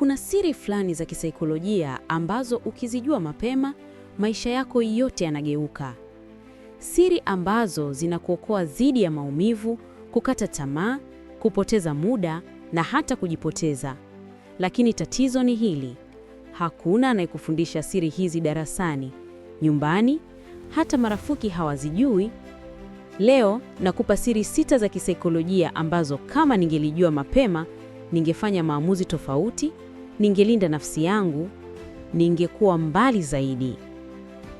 Kuna siri fulani za kisaikolojia ambazo ukizijua mapema, maisha yako yote yanageuka. Siri ambazo zinakuokoa dhidi ya maumivu, kukata tamaa, kupoteza muda na hata kujipoteza. Lakini tatizo ni hili. Hakuna anayekufundisha siri hizi darasani, nyumbani, hata marafiki hawazijui. Leo nakupa siri sita za kisaikolojia ambazo kama ningelijua mapema ningefanya maamuzi tofauti, ningelinda nafsi yangu, ningekuwa mbali zaidi.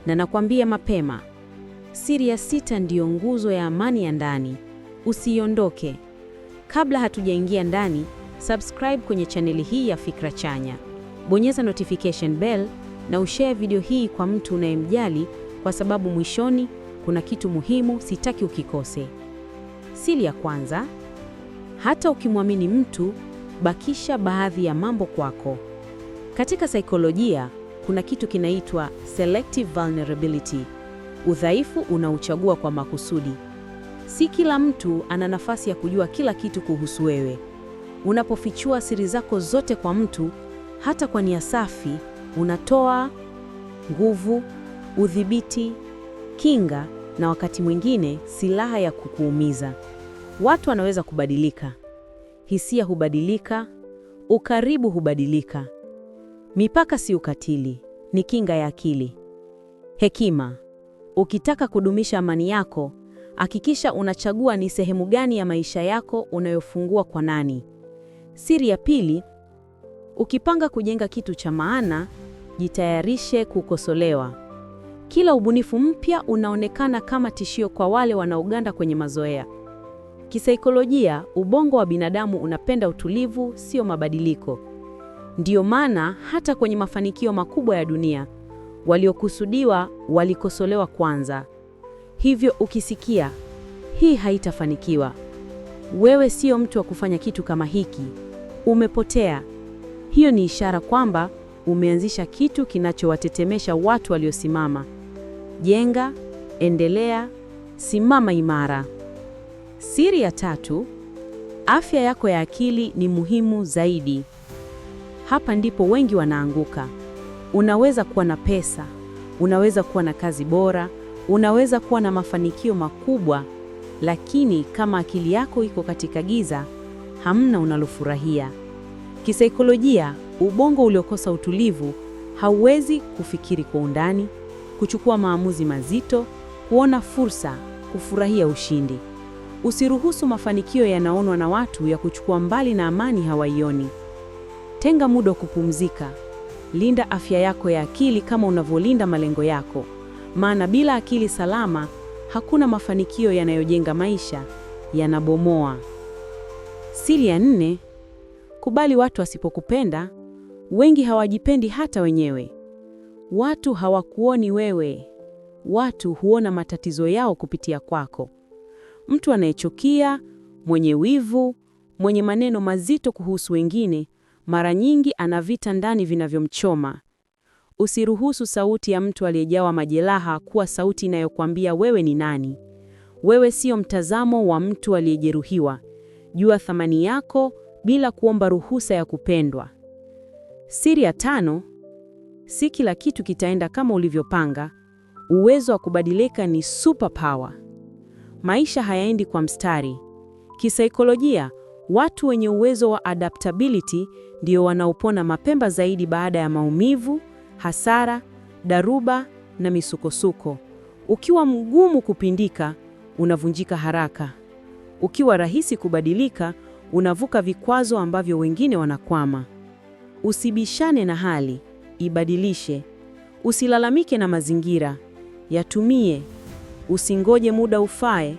Na nakwambia mapema, siri ya sita ndiyo nguzo ya amani ya ndani. Usiondoke kabla hatujaingia ndani. Subscribe kwenye chaneli hii ya Fikra Chanya, bonyeza notification bell na ushare video hii kwa mtu unayemjali, kwa sababu mwishoni kuna kitu muhimu, sitaki ukikose. Siri ya kwanza, hata ukimwamini mtu bakisha baadhi ya mambo kwako. Katika saikolojia kuna kitu kinaitwa selective vulnerability, udhaifu unaochagua kwa makusudi. Si kila mtu ana nafasi ya kujua kila kitu kuhusu wewe. Unapofichua siri zako zote kwa mtu, hata kwa nia safi, unatoa nguvu, udhibiti, kinga na wakati mwingine silaha ya kukuumiza. Watu wanaweza kubadilika hisia hubadilika, ukaribu hubadilika. Mipaka si ukatili, ni kinga ya akili. Hekima: ukitaka kudumisha amani yako, hakikisha unachagua ni sehemu gani ya maisha yako unayofungua kwa nani. Siri ya pili: ukipanga kujenga kitu cha maana, jitayarishe kukosolewa. Kila ubunifu mpya unaonekana kama tishio kwa wale wanaoganda kwenye mazoea. Kisaikolojia, ubongo wa binadamu unapenda utulivu, sio mabadiliko. Ndiyo maana hata kwenye mafanikio makubwa ya dunia, waliokusudiwa walikosolewa kwanza. Hivyo ukisikia hii haitafanikiwa, wewe sio mtu wa kufanya kitu kama hiki, umepotea, hiyo ni ishara kwamba umeanzisha kitu kinachowatetemesha watu waliosimama. Jenga, endelea, simama imara. Siri ya tatu, afya yako ya akili ni muhimu zaidi. Hapa ndipo wengi wanaanguka. Unaweza kuwa na pesa, unaweza kuwa na kazi bora, unaweza kuwa na mafanikio makubwa, lakini kama akili yako iko katika giza, hamna unalofurahia. Kisaikolojia, ubongo uliokosa utulivu hauwezi kufikiri kwa undani, kuchukua maamuzi mazito, kuona fursa, kufurahia ushindi. Usiruhusu mafanikio yanaonwa na watu ya kuchukua mbali na amani hawaioni. Tenga muda wa kupumzika. Linda afya yako ya akili kama unavyolinda malengo yako, maana bila akili salama hakuna mafanikio yanayojenga maisha, yanabomoa. Siri ya nne: kubali watu wasipokupenda. Wengi hawajipendi hata wenyewe. Watu hawakuoni wewe, watu huona matatizo yao kupitia kwako mtu anayechukia, mwenye wivu, mwenye maneno mazito kuhusu wengine, mara nyingi ana vita ndani vinavyomchoma. Usiruhusu sauti ya mtu aliyejawa majeraha kuwa sauti inayokwambia wewe ni nani. Wewe sio mtazamo wa mtu aliyejeruhiwa. Jua thamani yako bila kuomba ruhusa ya kupendwa. Siri ya tano: si kila kitu kitaenda kama ulivyopanga. Uwezo wa kubadilika ni superpower maisha hayaendi kwa mstari. Kisaikolojia, watu wenye uwezo wa adaptability ndio wanaopona mapema zaidi baada ya maumivu, hasara, daruba na misukosuko. Ukiwa mgumu kupindika, unavunjika haraka. Ukiwa rahisi kubadilika, unavuka vikwazo ambavyo wengine wanakwama. Usibishane na hali, ibadilishe. Usilalamike na mazingira, yatumie. Usingoje muda ufae,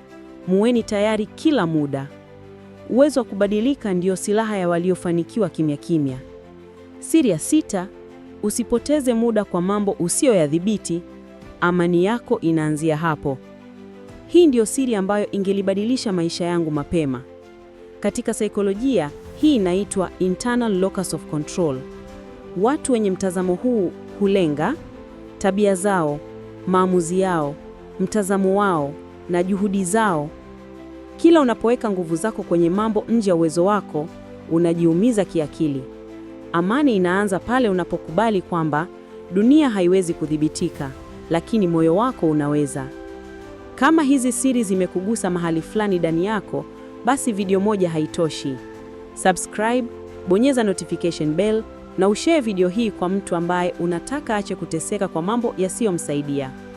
muweni tayari kila muda. Uwezo wa kubadilika ndiyo silaha ya waliofanikiwa kimya kimya. Siri ya sita, usipoteze muda kwa mambo usiyoyadhibiti. Amani yako inaanzia hapo. Hii ndiyo siri ambayo ingelibadilisha maisha yangu mapema. Katika saikolojia hii inaitwa internal locus of control. Watu wenye mtazamo huu hulenga tabia zao, maamuzi yao mtazamo wao na juhudi zao. Kila unapoweka nguvu zako kwenye mambo nje ya uwezo wako, unajiumiza kiakili. Amani inaanza pale unapokubali kwamba dunia haiwezi kudhibitika, lakini moyo wako unaweza. Kama hizi siri zimekugusa mahali fulani ndani yako, basi video moja haitoshi. Subscribe, bonyeza notification bell na ushare video hii kwa mtu ambaye unataka ache kuteseka kwa mambo yasiyomsaidia.